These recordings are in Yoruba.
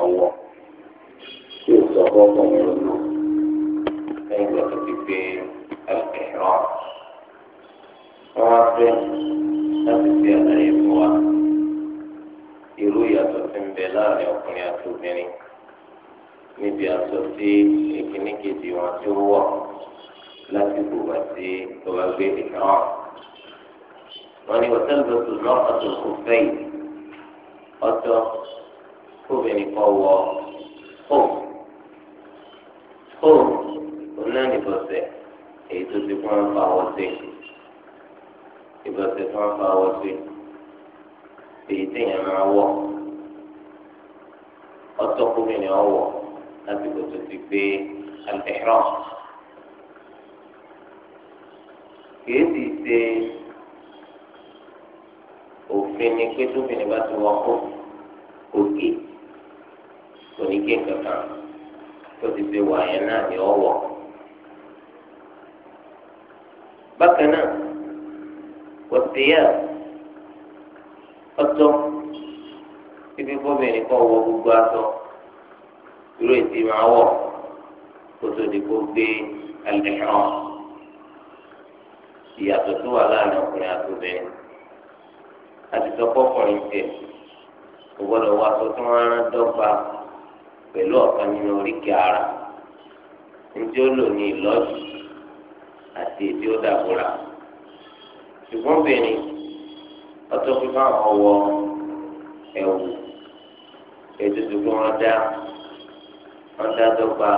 ọwọ́ tí o sọ fọ́ fún mi lọ́nà lẹ́yìn ìgbà tó ti gbé ẹ̀rọ wọn wá fẹ́ láti fi àlàyé fún wa irú ìyàtọ̀ tí ń bẹ láàrin ọkùnrin àti obìnrin níbi aṣọ tí ìkíní wọn tí ó wọ̀ lásìkò wá sí tó gbé ìhàn wọn ni wọ́n tẹ́lẹ̀ tó lọ́kàn tó kò fẹ́ yìí ọjọ́. kóbìnrin kan wọ hóòm hóòm onánìbọ̀sẹ̀ èyí tó ti fún afa ọwọ́ sí ìbọ̀sẹ̀ fún afa ọwọ́ sí èyí téèyàn máa wọ̀ ọtọ́ kóbìnrin ọwọ́ láti kó tó ti gbe kìí sì ṣe òfin ni pé tóbìnrin bá ti wọ òkè. gé kankan tó ti fi wà yẹn náà ní ọwọ́ bákan náà wọ́tíyà ọtọ́ ibi bọ́bìnrin kan wọ gbogbo aṣọ irú ètí máa wọ̀ kó tó di kó gbé al-ihram ìyàtọ̀ tó wà láàrin ọkùnrin àtòbìnrin àti tọkọ ọkùnrin tiẹ̀ kò gbọdọ̀ wọ aṣọ tí wọ́n rán dọ́gba pẹ̀lú ọ̀kan nínú oríkèé ara ntí ó lò ní ìlọ́dù àti èdè ó dàbúrà ṣùgbọ́n bìnrin ọtọ́ fífa ọwọ́ ẹ̀wù ètùtù kí wọ́n dá wọ́n dá dọ́gba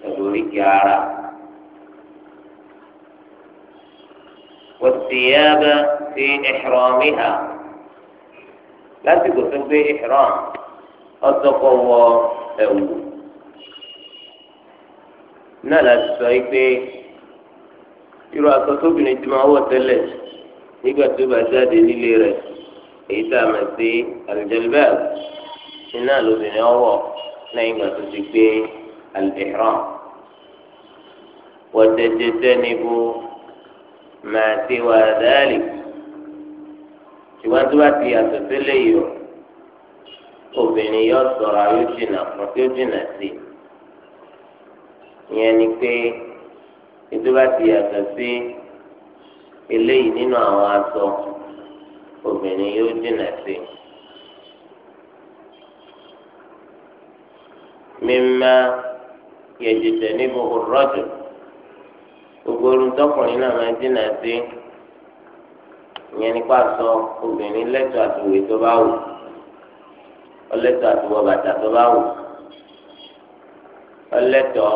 pẹ̀lú oríkèé ara. والثياب في إحرامها لا تقول في إحرام ọtọkọ wọ ẹ̀wù náà láti sọ yìí pé irú aṣọ tóbìnrin tí máa wọ̀ tẹ́lẹ̀ nígbà tó bá jáde nílé rẹ̀ èyí tá a mọ̀ sí alìjẹlibẹ́ẹ̀ iná lóbìnrin ọwọ́ lẹ́yìn ìgbà tó ti gbé alìhìrán wọ́tẹ́tẹ́tẹ́ níbo màá ti wà dáàlì ìwádìí wá ti yàtọ̀ yìí o. obìnrin yóò sọ̀rọ̀ ayé jìnnà fún tí ó jìnnà sí ìyẹn ni pé ètò ti yàtọ̀ sí eléyìí nínú àwọn aṣọ obìnrin yóò jìnnà sí. mímá yẹjẹjẹ níbo rọjò gbogbo orun tọkùnrin náà máa jìnnà sí ìyẹn obìnrin tó bá wù. ọlẹ́tọ̀ àti wọ bàtà tó bá wù ọlẹ́tọ̀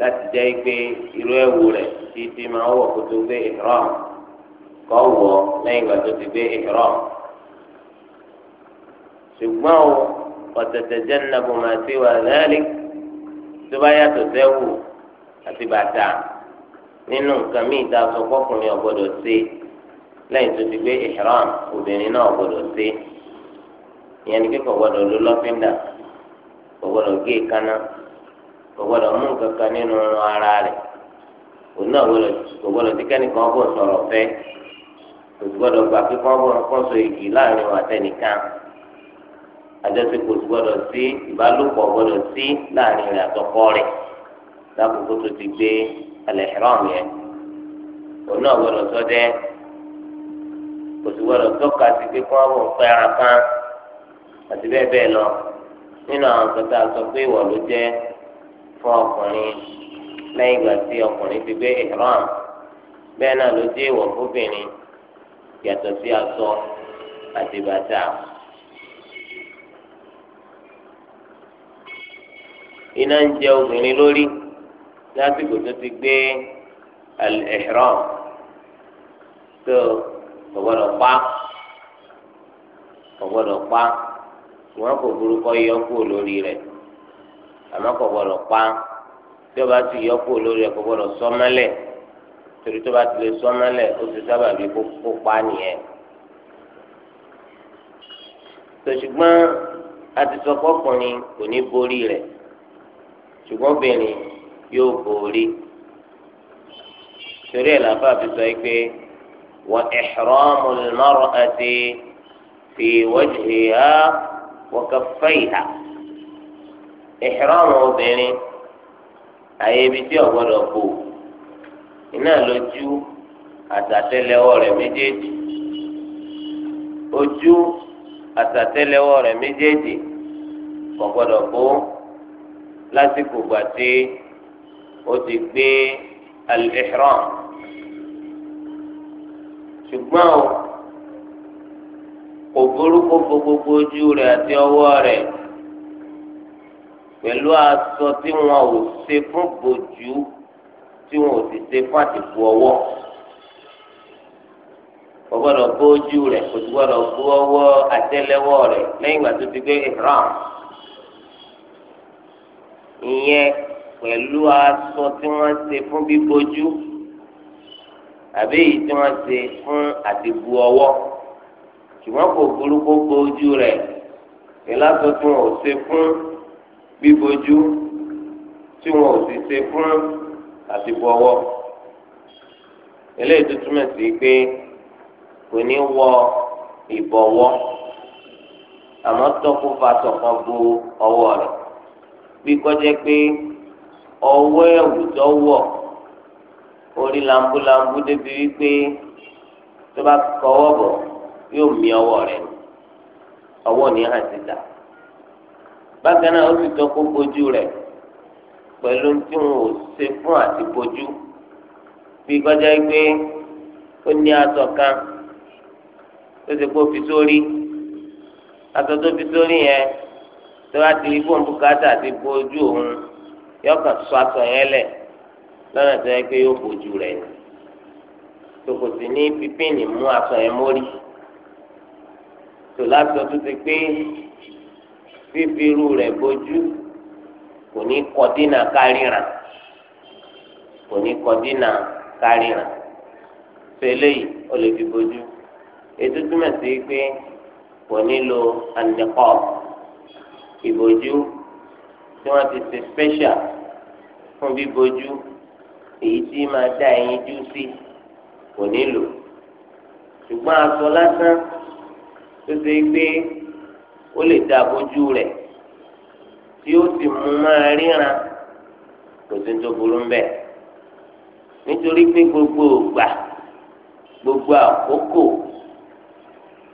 láti jẹ́ pé irú ẹ̀wù rẹ̀ tí ti máa wọ̀ kó tó gbé ìhrọ́m kọ́ wọ̀ lẹ́yìn ìgbà tó ti gbé ìhrọ́m ṣùgbọ́n o ọ̀tẹ̀tẹ̀ jẹ́ nàbọ̀ máa wà lẹ́ẹ̀lì tó bá yàtọ̀ sẹ́wù àti bàtà nínú nǹkan míì tá sọ fọkùnrin ọ̀gbọ́dọ̀ ṣe lẹ́yìn tó ti gbé ìhrọ́m obìnrin náà ọ̀gbọ́dọ̀ ṣe ìyẹn ni kíkọ gbọ́dọ̀ ló lọ́fíńdà kò gbọ́dọ̀ gé kaná kò gbọ́dọ̀ mú kankan nínú ara rẹ̀ òun náà kò gbọ́dọ̀ tí kẹ́nìkan bò sọ̀rọ̀ fẹ́ kò gbọ́dọ̀ gbà pé kọ́ bọ̀ kọ́ so èyí láàrin wa tẹnìkan àjọṣe kò gbọ́dọ̀ sí ìbálòpọ̀ gbọ́dọ̀ sí láàrin rẹ̀ àtọkọ rẹ̀ lákòókò tó ti gbé al-ihram yẹn òun náà gbọ́dọ̀ sọ dẹ kò sì gbọ́dọ̀ tọ́ka sí pé kọ́ bọ̀ kan àti bẹ́ẹ̀ bẹ́ẹ̀ lọ nínú àwọn nǹkan tá a sọ pé ìwọ ló jẹ́ fún ọkùnrin lẹ́yìn ìgbà tí ọkùnrin ti gbé ìhram bẹ́ẹ̀ náà ló jẹ́ ìwọ fóbìnrin yàtọ̀ sí aṣọ àti bàtà. iná ń jẹ obìnrin lórí lásìkò tó ti gbé al tó kò gbọdọ̀ pa kò gbọdọ̀ pa ṣùgbọ́n kò burúkọ yọ kúrò lórí rẹ̀ àmọ́ kò gbọ́dọ̀ pa tí o bá ti yọ kúrò lórí rẹ̀ kò gbọ́dọ̀ sọ́mọ́lẹ̀ torí tó bá ti lè sọ́mọ́lẹ̀ ó ti sábà bí kó pa nìyẹn. tòṣùgbọ́n atisọ́kọ́kùnrin kò ní borí rẹ̀ ṣùgbọ́n obìnrin yóò borí torí ẹ̀ làbá fi sọ pé wọ́n ihramul mar'ati fi wajhiha wọkàfẹyìhà ìhìrọmù obìnrin àyè ibi tí ọgbọ́dọ̀ bò iná lójú àtàtẹ́lẹwọ́ rẹ̀ méjèèjì ojú àtàtẹ́lẹwọ́ rẹ̀ méjèèjì ọgbọ́dọ̀ bò lásìkò gbàtí ó ti gbé alìhìrọmù ṣùgbọ́n o kò burúkú gbogbogbò ojú rẹ̀ àti ọwọ́ rẹ̀ pẹ̀lú aṣọ tí wọn ò ṣe fún bòjú tí wọn ò sì ṣe fún àtìkù ọwọ́ kò gbọ́dọ̀ bó ojú rẹ̀ kò sì gbọ́dọ̀ bó ọwọ́ àtẹ́lẹwọ́ rẹ̀ lẹ́yìn ìgbà tó ti gbé ihram ìyẹn pẹ̀lú aṣọ tí wọ́n ṣe fún bíbójú àbí èyí tí wọ́n ṣe fún àtìkù ọwọ́ ṣùgbọ́n kò burú kó gbójú rẹ̀ ìlà tuntun ò ṣe fún bíbojú tí wọn ò sì ṣe fún àti bọ̀wọ́ eléyìí tó túmọ̀ sí pé kò ní wọ ìbọ̀wọ́ àmọ́ tọ́kù fatọ̀ kan bo ọwọ́ rẹ̀ bí kọjá pé ọwọ́ ẹ̀wù tó wọ̀ orí làǹbùlàǹbù débi wípé tó bá kọwọ́ bọ̀ yóò mi ọwọ́ rẹ̀ ọwọ́ ní hàn síta bákan náà ó sì tọ́ kó bójú rẹ̀ pẹ̀lú tí wọn ò ṣe fún àti bójú bí kọjá pé ó ní aṣọ kan tó ṣe kó fi sórí aṣọ tó fi sórí yẹn tó bá ti rí fóun bùkátà àti bójú òun yóò kàn sọ aṣọ yẹn lẹ̀ lọ́nà tó yẹ pé yóò bójú rẹ̀ ni tòkòtì ní pípínì mú aṣọ yẹn mórí sọ láti ọdún ti pé fífi irú rẹ̀ bójú kò ní kọ dínà kárìnà kò ní kọ dínà kárìnà sọ eléyìí ó lè fi bójú ètò túmọ̀ sí pé kò nílò àndẹ́kọ́ ìbòjú tí wọ́n ti ṣe special fún bíbòjú èyí tí máa dá ẹyin jú sí kò nílò ṣùgbọ́n aṣọ lásán tó ṣe pé ó lè da bójú rẹ̀ tí ó sì mú máa ríran kò sí tó burú ń bẹ̀ nítorí pé gbogbo ògbà gbogbo àkókò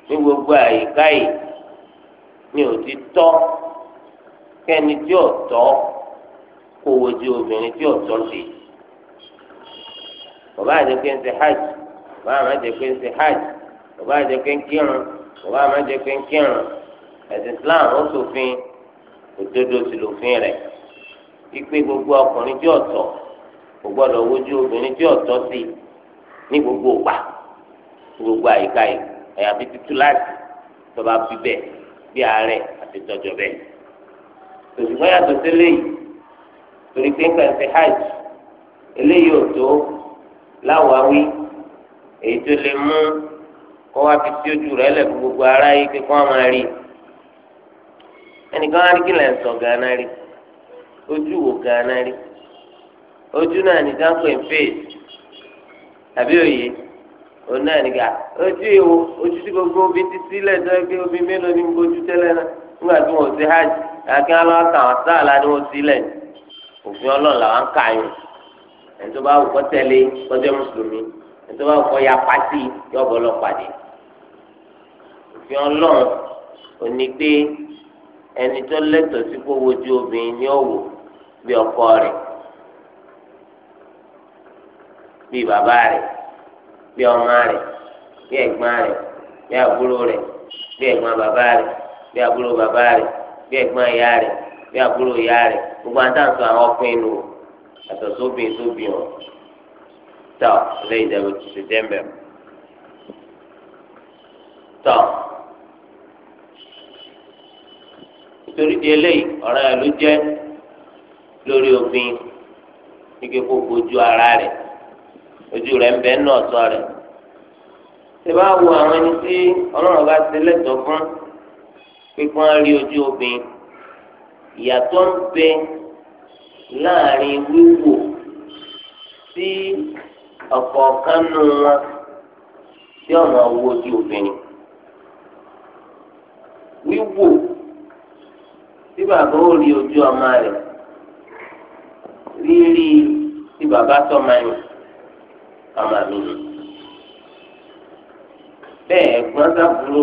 ní gbogbo àyíká yìí ni ò ti tọ́ kẹ́ni tí ò tọ́ kó wojú obìnrin tí ò tọ́ sí bàbá àjẹpẹ́ ń ṣe hajj bàbá àjẹpẹ́ ń ṣe hajj bàbá àjẹpẹ́ ń kírun kò bá má jẹ pé ń kírun ẹ̀sìn Islam ó ṣòfin òdodo sì lòfin rẹ̀ ipe gbogbo ọkùnrin tí ọ̀tọ̀ kò gbọ́dọ̀ wojú obìnrin tí ọ̀tọ̀ sí ní gbogbo ògbà gbogbo àyíká yìí àyàfi títú láti tọba bíbẹ̀ bí àárẹ̀ àti tọjọ bẹ́ẹ̀ tòṣùgbọ́n yàtọ̀ sí eléyìí torí pé nǹkan ṣe hajj eléyìí ò tó láwàáwí èyí tó lè mú. kọ́ wá fi sí ojú fún gbogbo ara yìí pé kọ́ máa rí ẹnìkan á rí kí lẹ̀ sọ gánà rí ojú wò gánà rí ojú náà nìkan pè ń gbogbo obi ti sílẹ̀ tó yẹ pé omi mélòó ni gbójú tẹ́lẹ̀ náà nígbà tí hajj wọn sáàlà ni sílẹ̀ òfin Ọlọ́run mùsùlùmí ẹni tó bá ya pátì yọ òfin ọlọ́run òní pé ẹni tó lẹ́tọ̀ọ́ sí kó wojú obìnrin ní òwò bí ọkọ rẹ̀ bí bàbá rẹ̀ bí ọmọ rẹ̀ bí ẹ̀gbọ́n rẹ̀ bí àbúrò rẹ̀ bí ẹ̀gbọ́n bàbá rẹ̀ bí àbúrò bàbá rẹ̀ bí ẹ̀gbọ́n ìyá rẹ̀ bí àbúrò ìyá rẹ̀ gbogbo àtàǹtò àwọn ọkùnrin nù àtọ̀ sóbìn sóbìn ọ̀ tọ́ ilé ìdẹ̀rù tuntun jẹ́ mbẹ́ tọ́. torí di eléyìí ọ̀rọ̀ ẹ̀ ló jẹ́ lórí òfin ike kó bojú ara rẹ̀ ojú rẹ̀ ń bẹ ń nà sọ rẹ̀ ṣé bá wo àwọn ẹni tí ọlọ́run bá ti lẹ́tọ̀ọ́ fún pípọ́n rí ojú obìnrin ìyàtọ̀ ń bẹ láàrin wíwò sí ọ̀kọ̀ọ̀kan nù wọn tí ọ̀nà owó ojú obìnrin wíwò bàbá ó rí ojú ọmọ rẹ̀ rírí tí bàbá sọmọ yẹn ọmọ mi ni bẹ́ẹ̀ ẹ̀gbọ́n sábúrò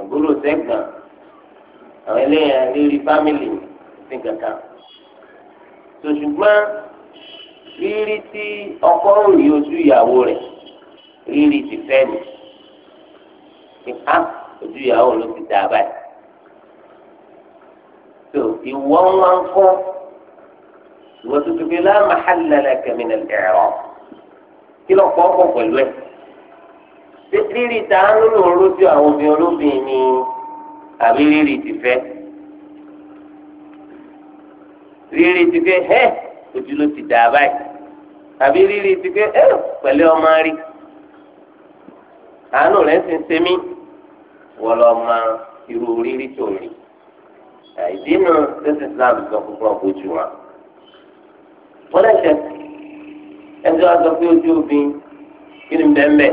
àbúrò sẹ́gbọ̀n àwọn eléyàn rírí fámìlì sí kankan ṣùgbọ́n rírí tí ọkọ ó rí ojú ìyàwó rẹ̀ rírí ti fẹ́ mi ìka ah, ojú ìyàwó ló ti dà báyìí ìwọ ńlá ńkọ́ ìwọ tuntun bíi la mahalla laka min al-i'rab kí lọ pọ̀ pọ̀ pẹ̀lú ẹ̀ rírì tàánú ló ń rójú àwọn obìnrin olóbìnrin ni àbí rírì ti fẹ́ rírì ti fẹ́ ẹ́ ojú ló ti dà báyìí àbí rírì ti fẹ́ ẹ́ pẹ̀lú ọmọ rí àánú rẹ̀ ń sin sẹ́mi wọ́n lọ́ọ́ máa irú rírì tó rí ìdínú tẹsí islam sọ fúnfún ọgbójú wa wọn lẹsẹ ẹjọ a sọ pé ojú obìnrin kí ni bẹ́ẹ̀mbẹ́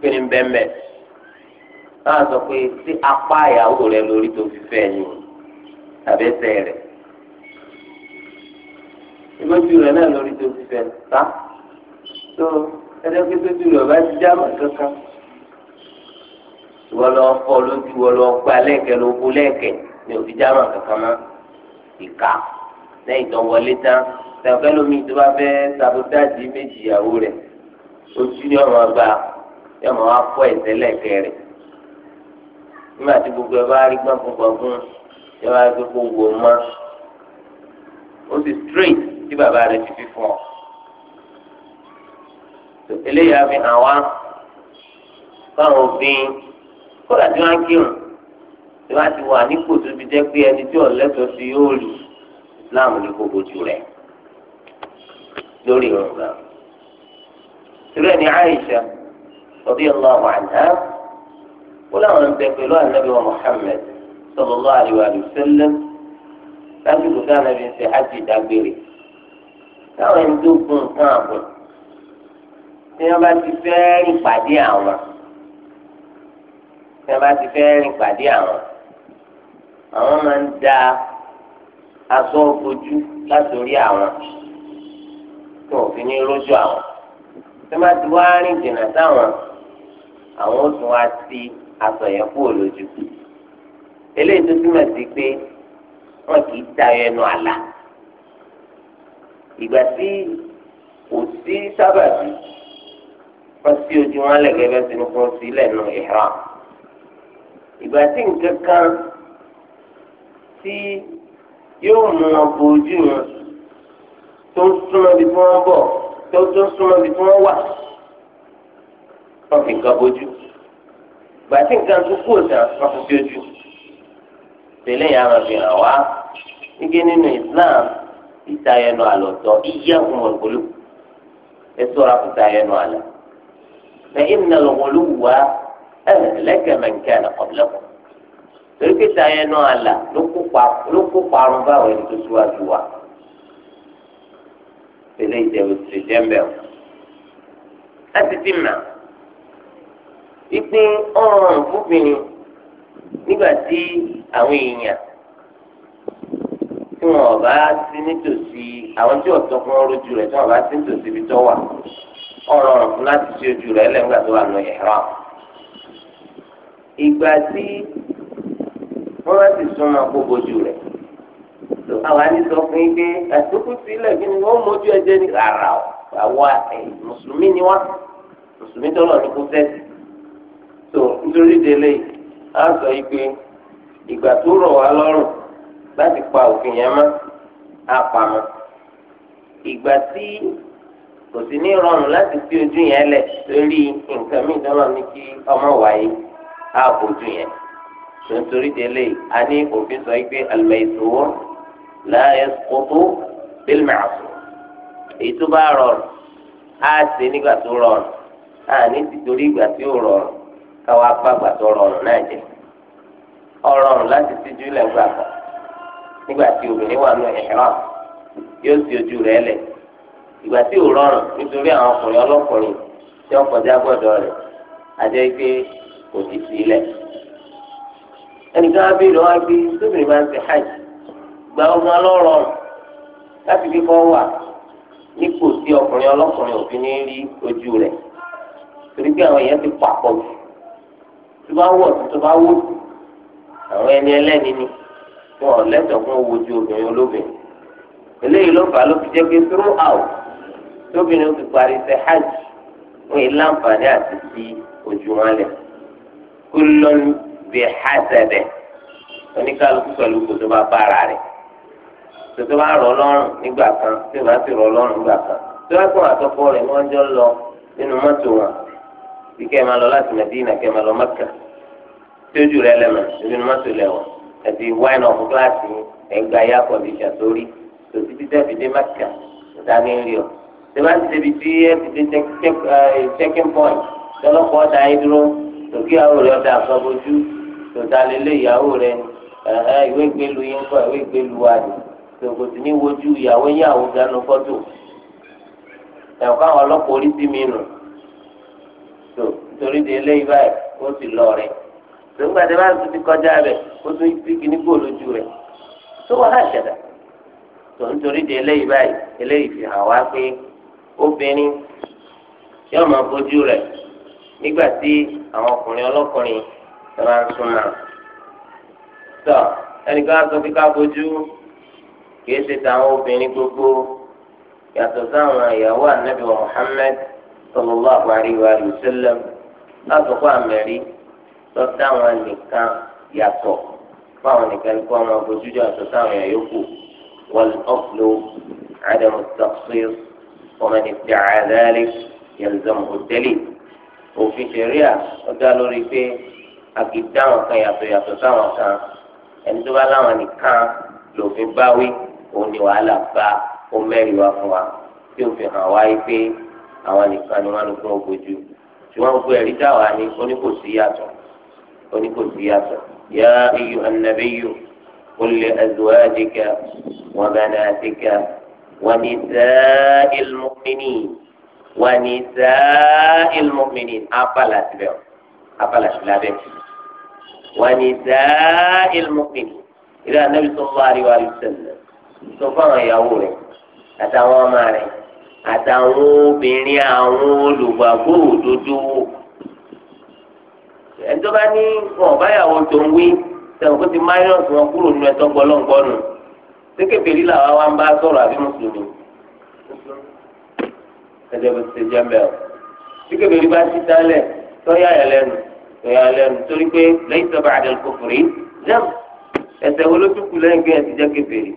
kí ni bẹ́ẹ̀mbẹ́ náà sọ pé sí apá ìyàwó rẹ lórí tó fi fẹ́ ni àbẹ́sẹ̀ rẹ ìgbójú rẹ náà lórí tó fi fẹ́ sá tó ẹjọ́ pé tójú rẹ ọba ti já mọ́ kankan ìwọ lọ fọ lójú ìwọ lọ gbá lẹ́ẹ̀kẹ́ ló kó lẹ́ẹ̀kẹ́ ní òbí jámà kankan mọ́ ìka lẹ́yìn tó wọlé tán tẹ̀wọ́kẹ́ lómi tó bá fẹ́ sabotage méjì ìyàwó rẹ̀ ojú ni ọmọ gbà yọ ọmọ wa fọ ẹsẹ̀ lẹ́ẹ̀kẹ́ rẹ̀ nígbà tí gbogbo ẹ bá rí gbọ̀ngbọ̀ngbọ̀n yọ wá gbé kó wò mọ́ ó sì straight tí bàbá rẹ̀ ti fi fún ọ eléyàá fi hàn wá fáwọn obìnrin kódà tí wọ́n kírun tí wọ́n ti wà nípò tó fi jẹ́ pé ẹni tí ọ̀lẹ́tọ̀ sí yóò rí islam ní gbogbo jù rẹ̀ lórí ìrùn náà. ìrẹ́ ni Aisha radiyallahu anha wọ́n láwọn ń bẹ pẹ̀lú ànábì wa Muhammad sallallahu alaihi wa sallam lásìkò tí ànábì ń ṣe hajj dágbére táwọn ẹni tó gun nǹkan àbọ̀ tí wọ́n bá ti fẹ́ẹ́ rí àwọn tí wọn bá ti fẹ́ rìn pàdé àwọn àwọn máa ń da aṣọ ojú látòrí àwọn tí wọn fi ní rójú àwọn tí wọn bá ti wá rìn jìnnà sáwọn àwọn ó tún wá sí aṣọ yẹn kúrò lójú eléyìí tó túmọ̀ sí pé wọn kì í tayọ ẹnu àlà ìgbà tí kò sí sábàbí wọn sí ojú wọn lẹ́gẹ̀ẹ́ bẹ́ẹ̀ sínú kó sílẹ̀ nù ìhram ìgbà tí nǹkan kan tí yóò mú wọn bójú wọn tó ń súnmọ́ bí tí wọ́n bọ̀ tó tó ń súnmọ́ bí tí wọ́n wà wọ́n fi nǹkan bójú ìgbà tí nǹkan tó kú òsàn wọ́n fi bí ojú tẹ̀lé yàrá wọn fi hàn wá nígbè nínú Islam ìtayẹnu àlọ́tọ̀ iye ọ̀gbọ̀lù ẹ sọ̀rọ̀ àkútayẹnu àlọ́ lẹ́yìn náà lọ́wọ́ ló wù wá ẹ̀ẹ́dẹ̀lẹ́kẹ̀ mẹ́ǹkẹ́ àlàkọ̀bílẹ́kọ̀ torí pé sàyẹn náà àlà ló kó parun báwọn ẹni tó síwájú wa tẹ̀lé ìjẹ̀wò tẹ̀lé jẹ́mbẹ̀ o láti ti mà ìpín ọ̀rùn fúnbìnrin nígbà tí àwọn èèyàn tí wọn bá sí nítòsí àwọn tí ọ̀tọ̀ fún ọrọ̀jú rẹ̀ tí wọn bá sí nítòsí ibi tó wà ọ̀rọ̀ fún láti ṣe ojú rẹ̀ lẹ́gbàá tó wà lọ yẹ̀rọ àwọn ìgbà tí wọ́n bá ti súnmọ́ kó bójú rẹ̀ tó àwa ní sọ fún yín pé àtúkù sílẹ̀ kí ni wọ́n mójú ẹ̀jẹ̀ ní rárá o àwa mùsùlùmí ni wá mùsùlùmí tó lọ ní kó sẹ́sì tó nítorí délé á sọ yìí pé ìgbà tó rọ̀ wá lọ́rùn láti pa òfin yẹn mọ́ á pa mọ́ ìgbà tí kò sí ní rọrùn láti fi ojú yẹn lẹ̀ lórí nǹkan mìíràn ní kí ọmọ wáyé á bójú yẹn sọ̀tòrí délé a ní òfin sọ pé al-maysūr lā yasquṭu bil-ma'sūr èyí tó bá rọrùn á ṣe nígbà tó rọrùn á ní tìtorí ìgbà tí ó rọrùn káwá bá gbà tó rọrùn náà jẹ ọrọrùn láti síjú ilẹ̀ kan nígbà tí obìnrin wà nù ihram yóò sì ojú rẹ̀ lẹ̀ ìgbà tí ò rọrùn nítorí àwọn ọkùnrin ọlọ́kùnrin tí wọ́n kọjá gbọ́dọ̀ rẹ̀ àjẹ́ pé kò sì sílẹ̀. ẹnìkan á bí lọ́wọ́ bí tóbìnrin máa ń ṣe hajj gba ọmọ ọlọ́rọ̀ láti fi kọ́ wà nípò tí ọkùnrin ọlọ́kùnrin òfin ní rí ojú rẹ̀ torí pé àwọn èèyàn ti pàpọ̀ jù tó bá wọ̀ tó bá wò àwọn ẹni ẹlẹ́ni ni wọn ò lẹ́tọ̀ọ́ fún owó ju obìnrin olóbìnrin eléyìí ló fà á ló fi jẹ́ pé throughout tóbìnrin ó fi parí ṣe hajj wọn yìí àti sí ojú wọn lẹ̀ kúlọ́lù bí hasẹ̀dẹ̀ oníkàlùkù pẹ̀lú kò tó bá bára rẹ̀ tó tó bá rọ̀ lọ́rùn nígbà kan tó bá sì rọ̀ lọ́rùn nígbà kan tó bá kó àtọ́kọ rẹ̀ ni wọ́n jọ ń lọ nínú mọ́tò wọn bí kẹ́ máa lọ láti Mẹ́dínà kẹ́ ẹ máa lọ Mẹ́kà tójú rẹ̀ lẹ́mọ̀ nínú mọ́tò lẹ́wọ̀n àti wine of glass ẹ̀ǹgà air condition sórí tó ti ti dẹ́bi dé Mẹ́kà ìdáni ń rí ọ tó bá ti débi tí ẹ ti dé eh, checking point tọ́lọ́pọ̀ ọ̀dà ẹ tòkí àwọn rẹ̀ ọ̀dà àfọ̀bójú tòta lélẹ̀ ìyàwó rẹ̀ ìwé gbélu yín kọ́ ìwé gbélu wa ni tòkò sí ní wojú ìyàwó yín àwọn ganu fọ́tò ẹ̀kọ́ àwọn ọlọ́pàá orí sí mi nù tó nítorí de eléyìí báyìí ó sì lọ rẹ̀ tòǹgbà tí wọ́n ti kọjá rẹ̀ ó tún ti kíní gbò lójú rẹ̀ tó wà láṣẹ̀dá tó nítorí de eléyìí báyìí eléyìí fi hàn wá pé obìnrin yóò máa fojú rẹ̀ nígbà tí àwọn ọkùnrin ọlọ́kùnrin tó máa ń súnmọ́ tọ́ ẹnìkan á sọ pé ká bójú kìí ṣe táwọn obìnrin gbogbo yàtọ̀ sáwọn ìyàwó ànábì wa Muhammad sallallahu alaihi wa sallam lásìkò àmẹ́rí lọ dáwọn nìkan yàtọ̀ fáwọn nìkan kọ́ ọmọ bójújọ́ yàtọ̀ sáwọn ìyàwó yòókù wal aslu adamu at-taqsir wa man idda'a dhalik òfin ṣẹ̀ríà ó dá lórí pé àgídá àwọn kan yàtọ̀ yàtọ̀ sáwọn kan ẹni tó bá láwọn nìkan lòfin báwí òun ni wàhálà bá ó mẹ́rin wá fún wa tí òfin hàn wáyé pé àwọn nìkan ni wọ́n ló fún ogójú ṣùgbọ́n gbogbo ẹ̀rí dá wa ní oníkòsí yàtọ̀ oníkòsí yàtọ̀ yá iyù ànàbíyù qul li azwajika wa banatika wa nisa'il mu'minin wà ní sáàìl mọ́mìnì abala sílẹ̀ abala sílẹ̀ abẹ́ wà ní sáàìl mọ́mìnì ìlú anabi sọ́kọ́ àríwá àríwísẹ́lẹ̀ sọ fáwọn ìyàwó rẹ̀ àtàwọn ọmọ rẹ̀ àtàwọn obìnrin àwọn olùgbàgbọ́ bá ní wọn báyàwó tó ń wí sẹ́wọ̀n kó ti máyọ̀sì wọn kúrò nínú ẹ̀tọ́ gbọ́lọ́ngbọ́nù sékèbèrè làwọn wa ń bá sọ̀rọ̀ àbí mùsùlùmí ẹjọ́ bó ti ṣe jẹ́ mẹ́ o tí kébèrè bá ti dálẹ̀ tọ́yà yẹn lẹ́nu tọ́yà yẹn lẹ́nu torí pé lẹ́yìn tó bá àdàlù kò fòrí lẹ́m ẹsẹ̀ wo ló dúkù lẹ́yìn pé ẹ̀sìn jẹ́ kébèrè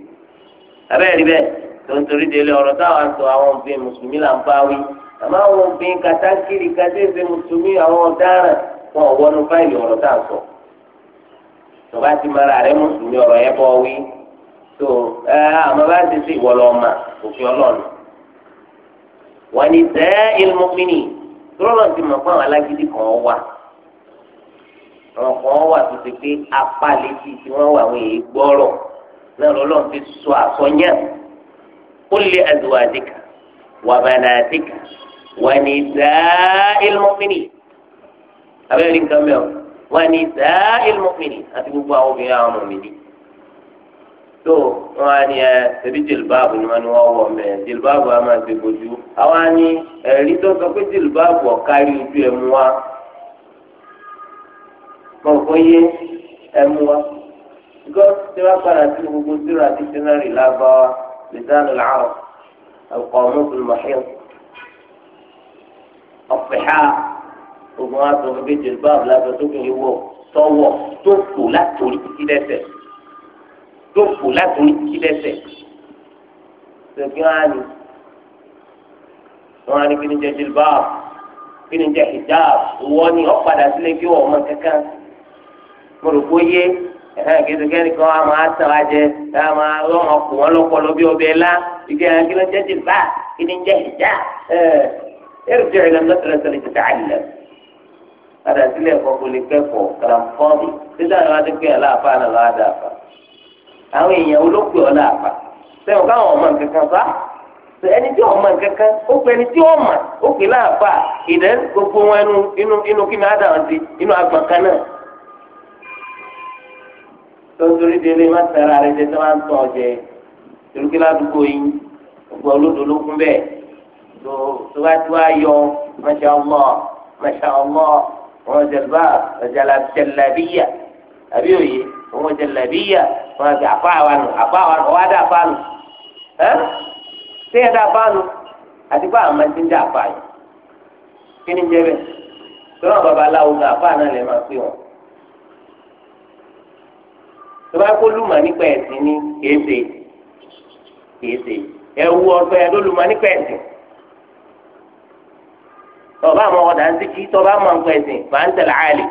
abẹ́rẹ́ bẹ́ẹ̀ tó ń torí délé ọ̀rọ̀ táwọn sọ àwọn obìnrin mùsùlùmí là ń bá wí àmọ́ àwọn obìnrin kàtàkìrì kàtẹ́sẹ̀ mùsùlùmí àwọn ọ̀daràn wọn ò wọnú fáìlì ọ̀rọ̀ táwọn sọ tọba ti mara rẹ mùsùlùmí ọ̀rọ̀ yẹ bọ wí tó àmọ́ bá ti ṣe ìwọlọ òfin Ọlọ́run wà ní sẹ́ ilmọ́mìnì tọ́lọ́ ti mọ̀ fún àwọn alágídí kan wà àwọn kan wà tó ti pé apá létí tí wọ́n wà wọ́n èyí gbọ́rọ̀ náà lọ́lọ́ fi sọ àsọyẹ́ ó lé azwajika wa banatika wa abẹ́rẹ́ nǹkan mẹ́wọ̀ wa nisaa ilmọ́mìnì àti gbogbo àwọn obìnrin àwọn ọmọ tó wọn á ní ẹ ṣebí jìlbáàbù ni wọn ni wọn wọ mẹ jìlbáàbù á máa ṣe bójú àwọn á ní ẹ̀rí tó sọ pé jìlbáàbù ọ̀kárí ojú ẹ̀ mú wa mọ̀ fún yé ẹ̀ mú wa gbọ́ tí wọ́n padà sí gbogbo zero àti sinari lágbàá lisanu làárọ̀ alukọ̀ọ́mù fúlùmọ̀hìn ọ̀fìhà ogun wa sọ fún kéjì báwo la sọ sókè wọ̀ tọwọ̀ tó kù látòrí títí dẹ́sẹ̀ dókò láti orí kí lẹ́sẹ̀ ṣèkí wọn á ní wọn á ni jẹ́ jilbab kí ni jẹ́ hijab ìwọ ni ọ padà sílé kí wọn ọmọ kankan mo rò pé ó yé ẹ̀hán kẹ́sìkẹ́sì kan a máa tàn wá jẹ ká máa lọ́mọ kù wọ́n lọ́pọ̀lọ́ bí ọbẹ̀ la ìgbé ẹ̀hán kí ló jẹ́ ti bá kí ni jẹ́ ìjà ẹ̀rù jẹ́ ìlànà lọ́sọ̀rọ̀ sọ̀rọ̀ ti tà ilẹ̀. padà sílẹ̀ ẹ̀kọ́ kò lè kẹ́kọ̀ọ́ kàràǹfọ́ọ̀mù títà ní wàá náà lọ́wọ́ àdàfà àwọn èèyàn olókè ọ̀la àpà sẹ́wọ̀n káwọn ọmọ nǹkan kan bá ẹni tí ọmọ nǹkan kan ó pe ẹni tí ọmọ ó pè láàpà ìdẹ́ gbogbo wọn inú inú inú kí ni á dàn sí inú agbọ̀n kan náà. tontorí délé má sara rẹ jẹ sẹ́wọ́n á ń tọ́ ọ yín gbọ́ olódò ló kún bẹ́ẹ̀ tó tó bá tó á yọ masha Allah masha Allah wọn jẹlba jalabiya àbí òye àwọn jẹlẹbíyà wọn àti àfáàwánu àfáàwánu ọwọ adá àfáànu ẹ ṣé ẹ dá àfáànu àti bá àwọn máa ti ń dá àfáàyè kí ni jẹ bẹ tọ́lá babaláwo ní àfáàná lè máa pè wọn. tó bá kó lùmọ̀ nípa ẹ̀sìn ní kéèsè kéèsè ẹ̀wù ọ̀fẹ́ ló lùmọ̀ nípa ẹ̀sìn tọ́ba àwọn ọ̀dà ń sikí tọ́ba àwọn ọ̀pẹ̀ ẹ̀sìn máa ń tẹ̀lé àlè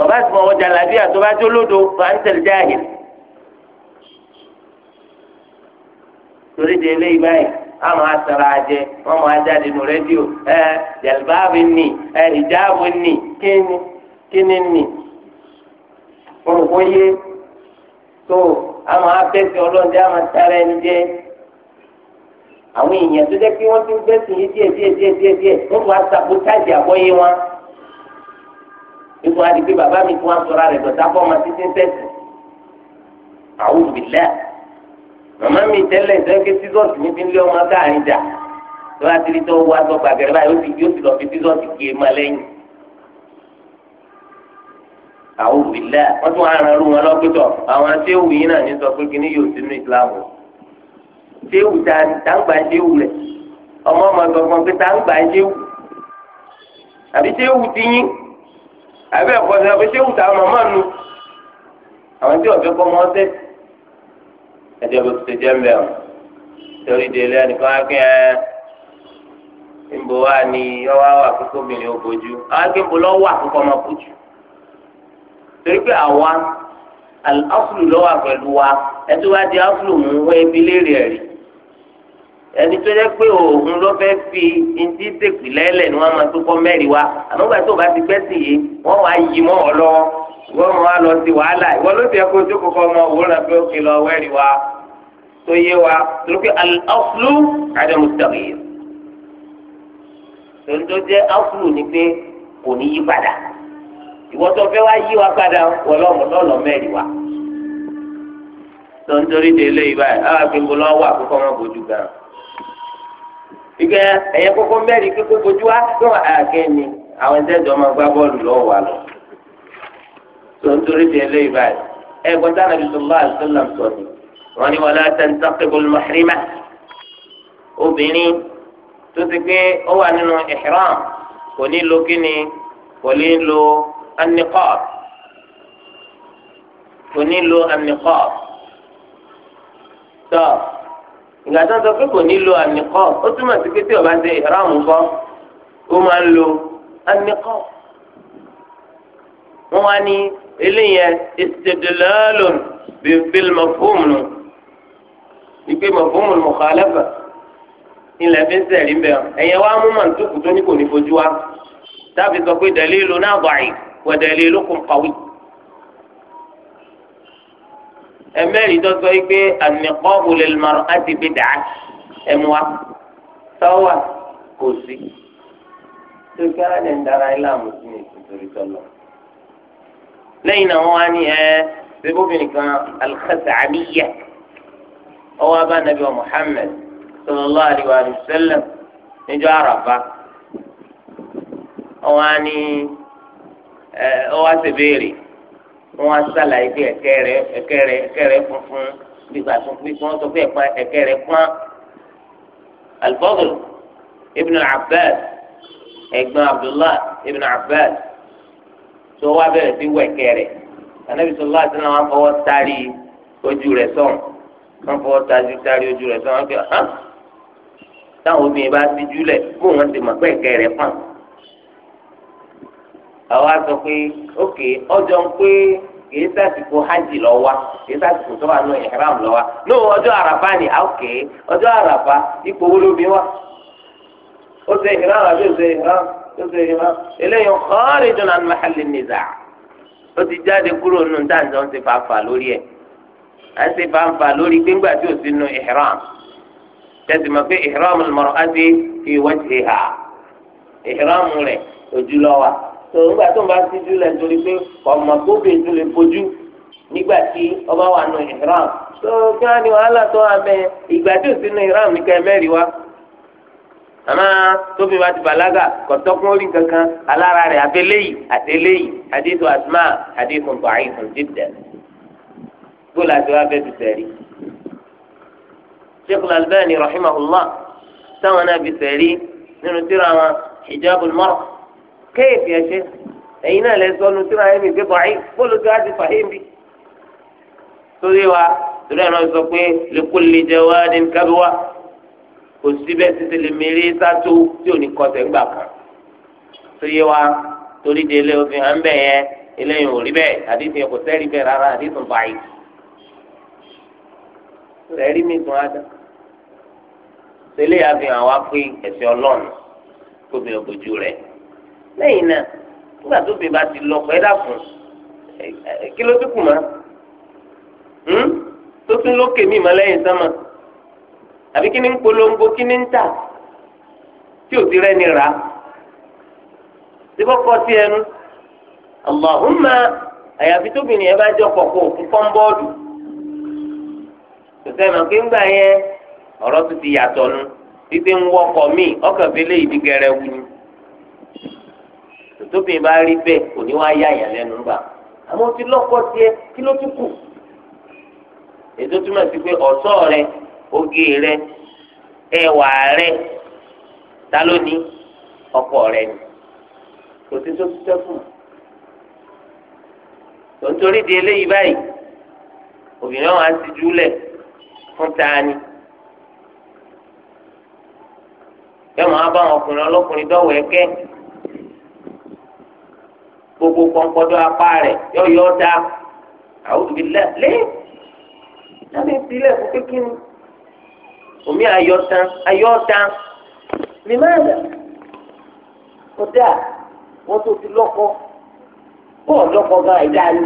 bàbá àti mọ̀wọ́ jàlábí àtọ́bá tó lódo fàǹtẹ̀lì jáhìl. torí de eléyìí báyìí àwọn asara ajẹ wọn máa jáde nù rédíò ẹ jàlbáàbì nì ẹ ìjáàbù nì kíni kíni nì olùkóyè tó àwọn abẹ́sẹ̀ ọlọ́dẹ àwọn tara ẹni jẹ àwọn èèyàn tó jẹ́ kí wọ́n ti ń yìí díẹ̀ díẹ̀ díẹ̀ díẹ̀ díẹ̀ wọ́n tún aṣàkóso àjàgbọ́yé wọn ikú adi pé bàbá mi fún asọ̀rọ̀ rẹ̀ dọ̀tà fọ́ ọmọ títí sẹ́sì àwùjọ bìlẹ̀ màmá mi tẹ́lẹ̀ ìtẹ́kẹ́ sísọ́ọ̀sì mi fi ń lé ọmọ káàrin jà tó bá ti rí tó wá sọ gbàgẹ̀rẹ̀ báyìí ó sì yóò sì lọ fi sísọ́ọ̀sì kí e máa lẹ́yìn àwùjọ bìlẹ̀ wọ́n tún ara rú wọn lọ́gbẹ́tọ̀ àwọn séwù yìí náà ní sọ pé kíní yóò sínú ìsìlámù séwù ta táǹgbà séwù rẹ̀ ọmọ ọmọ sọ pé táǹgbà séwù àbí séwù ti yín àbẹ ẹkọ sọ pé ṣé wùtà màmá nu àwọn tí ọ̀fẹ́ kọ́ mọ́ ọ́sẹ́ ẹ̀jẹ̀ bó ti jẹ́ mbẹ́ o torí délé ẹnìkan á kí ẹ ńbọ wa ni ọwọ́ àwọn akẹ́kọ̀ọ́ obìnrin ò bójú àwọn akẹ́kọ̀ọ́ lọ́wọ́ àkọ́kọ́ ọmọ bójú torí pé àwa alásùlù lọ́wọ́ àpẹ̀lú wa ẹ̀ tó bá di asùlù mú wọ́n ebi léèrè ẹ̀rí ẹni tó yẹ pé òun ló fẹ́ fi ntí sèpìlẹ́ lẹ̀ ni wọ́n máa tó kọ́ mẹ́rin wa àmọ́ ìgbà tó o bá ti pẹ́ sí yìí wọ́n wá yí mọ́ ọ lọ wọ́n mọ́ á lọ sí wàhálà ìwọ́n ló ti ẹ kó o tó kọ́kọ́ mọ òwúrọ̀ pé ó kì í lọ wẹ́rin wa tó yé wa tó pé al-aslu adamu at-taghyir tòun tó jẹ́ aslu ni pé kò ní yí padà ìwọ́n tó fẹ́ wá yí wa padà wọ́n lọ́mọ mẹ́rin wa tó ń torí de ilé ìbáyìí á wá pé mo lọ́ gan ìgbẹ́ ẹ̀yẹ kókó mẹ́rin kíkó bojú wa tó ah, àkẹ́ni àwọn ẹ̀ńtẹ́jọ́ máa gbá bọ́ọ̀lù lọ́wọ́ wa lọ. tó ń torí di ẹlẹ́yìí báyìí ẹ̀ gbọ́dá nàbí sọ̀lá àṣìṣẹ́lá sọ ni wọ́n ní wọlé àtẹnudàkẹ́bọ̀lù mọ̀hìrìmà obìnrin tó ti pé ó wà nínú ìhìrán kò ní lo kíni kò ní lo anìkọ́ọ̀ kò ní lo anìkọ́ọ̀ tó. So, ìgbà tó ń sọ pé kò ní lo àníkọ́ ó túmọ̀ sí pé tí o bá ṣe ìhìrámù kọ́ ó máa ń lo àníkọ́ wọn wá ní eléyẹn istidlalun bil mafhum nù ìgbé mafhum mukhalafa ilẹ̀ fi ń sẹ̀rí bẹ́ẹ̀ ẹ̀yẹ wá mú màtúkù tó ní kò ní fojú wa tábì sọ pé dalilu náà bàyì wa dalilukum qawi ẹ̀mẹ́rin tó sọ yìí pé an-niqabu lil-mar'ati bid'ah ẹ̀mùwá sọ́wà kò sí. tó kí á lè ń dara ìlànà sí ní ìtòrí tọ́lọ̀. lẹ́yìn náà wọ́n á ní ẹ sebóbìnrin kan al-Khas'aniyya ọwọ́ abá nàbí wa Muhammad sallallahu alayhi wa sallam àràfà ọwọ́ á ní ọwọ́ béèrè wọn wá sàlàyé pé ẹ̀kẹ́ rẹ̀ ẹ̀kẹ́ rẹ̀ ẹ̀kẹ́ rẹ̀ funfun gbígbà tó pé kí wọn sọ pé ẹ̀kẹ́ rẹ̀ pọ́n alifọ́gùn ibn abbas ẹ̀gbọ́n abdullah ibn abbas tó wá bẹ̀rẹ̀ sí wọ ẹ̀kẹ́ rẹ̀ anabi sọlá àti náà wọn fọwọ́ tari ojú rẹ̀ sọ̀n wọn fọwọ́ tari tari ojú rẹ̀ sọ̀n wọn kẹ́ ọ́ táwọn obìnrin bá ti júlẹ̀ kó wọn ti mọ̀ pé ẹ̀kẹ́ rẹ̀ pọ́n àwa sọ pé ókè ọjọ́ ń pé kìí sàsìkò hajj lọ wa kìí sàsìkò tó wà nù ihram lọ wa ní ọjọ́ àràfà ni ókè ah, ọjọ́ àràfà ipò wo ló bí wa ó ṣe ihram àbí ó ṣe ihram ó ṣe ihram eléyìí kharijun an mahalli niza ó ti jáde kúrò nù táǹtàn ti fàáfà lórí ẹ̀ à ń ṣe fàáfà lórí gbígbà tí ò sí nù ihram tẹsima pé ihram al-mar'ati fi wajhiha ihram rẹ̀ ojúlọ wa tó nígbà tó ń bá ti dúlẹ̀ nítorí pé ọmọ tó bè tó lè fojú nígbà tí ọba wà nù ìhram tó kí wọn ní wàhálà tó wà mẹ ìgbà tí ò sí nù ìhram ní kẹmẹrì wa àmọ́ tóbi wa ti bàlágà kọtọkùn orí kankan alára rẹ abẹlẹyìí àtẹlẹyìí hadithu asma hadithu da'ifun jiddan gbọ́dọ̀ àti wàá bẹ́ẹ̀ bìtẹ̀ rí. sheikh al rahimahullah táwọn náà bìtẹ̀ rí nínú tírà wọn hijabul mar'a kéèfì ẹ̀ṣẹ́ ẹ̀yin náà lẹ sọ ọ́nu tí wọ́n á yẹ mi gbé bọ̀ ayé bọ́ọ̀lù tí wọ́n á ti fà yé mi. torí wa torí àwọn sọ pé lèkúlè jẹ wá ní kábíwá kò síbẹ̀ títí lè mèrè sátó tí ò ní kọsẹ̀ gbà kan. torí wa torí de ilé òfin hàn bẹ́ẹ̀ yẹn eléyìí ò rí bẹ́ẹ̀ àdéhùn kò sẹ́rí bẹ́ẹ̀ rárá àdéhùn báyìí. sẹ́rí mi tún á dá. sẹ́lẹ̀ yà fi hàn wá pé ẹ̀sìn ọlọ́run kó mi ò bójú rẹ̀. lẹ́yìn náà nígbà tó bèbè àti lọ́kọ̀ ẹ̀ dàkún kí ló mọ́ hmm? tó tún lókè mí mọ́ lẹ́yìn sánmà àbí kí ni ń polongo kí ni ń tà tí ò ti rà á tí kò kọ́ sí ẹnu àyàfi tóbìnrin yẹn bá jọ kọ̀kọ́ òkú kọ́ńbọ́ọ̀dù tòtẹ́ mọ̀ yẹn ọ̀rọ̀ tó míì ọkàn ìdí gẹrẹ wu tóbi bá rí bẹ́ẹ̀ kò ní wáá yá yàn lẹ́nu gbà àmọ́ ti lọ́kọ́ tiẹ̀ kí ló tún kù ètò túmọ̀ sí pé ọ̀ṣọ́ rẹ oge rẹ ẹwà rẹ ta ló ní ọkọ rẹ ni kò sí tó di eléyìí báyìí obìnrin wa ti júlẹ̀ fún taani ọkùnrin ọlọ́kùnrin dọ́wọ́ gbogbo pọnpọdọ apá rẹ̀ yọ yọ da àwùjọ bíi lẹ lé lábẹ́ ìpìlẹ̀ fún kékeré omi ayọ̀ tán ayọ̀ tán ní máa dà kódà wọ́n tó ti lọ́kọ́ bọ́ọ̀ lọ́kọ́ gan àìdáni.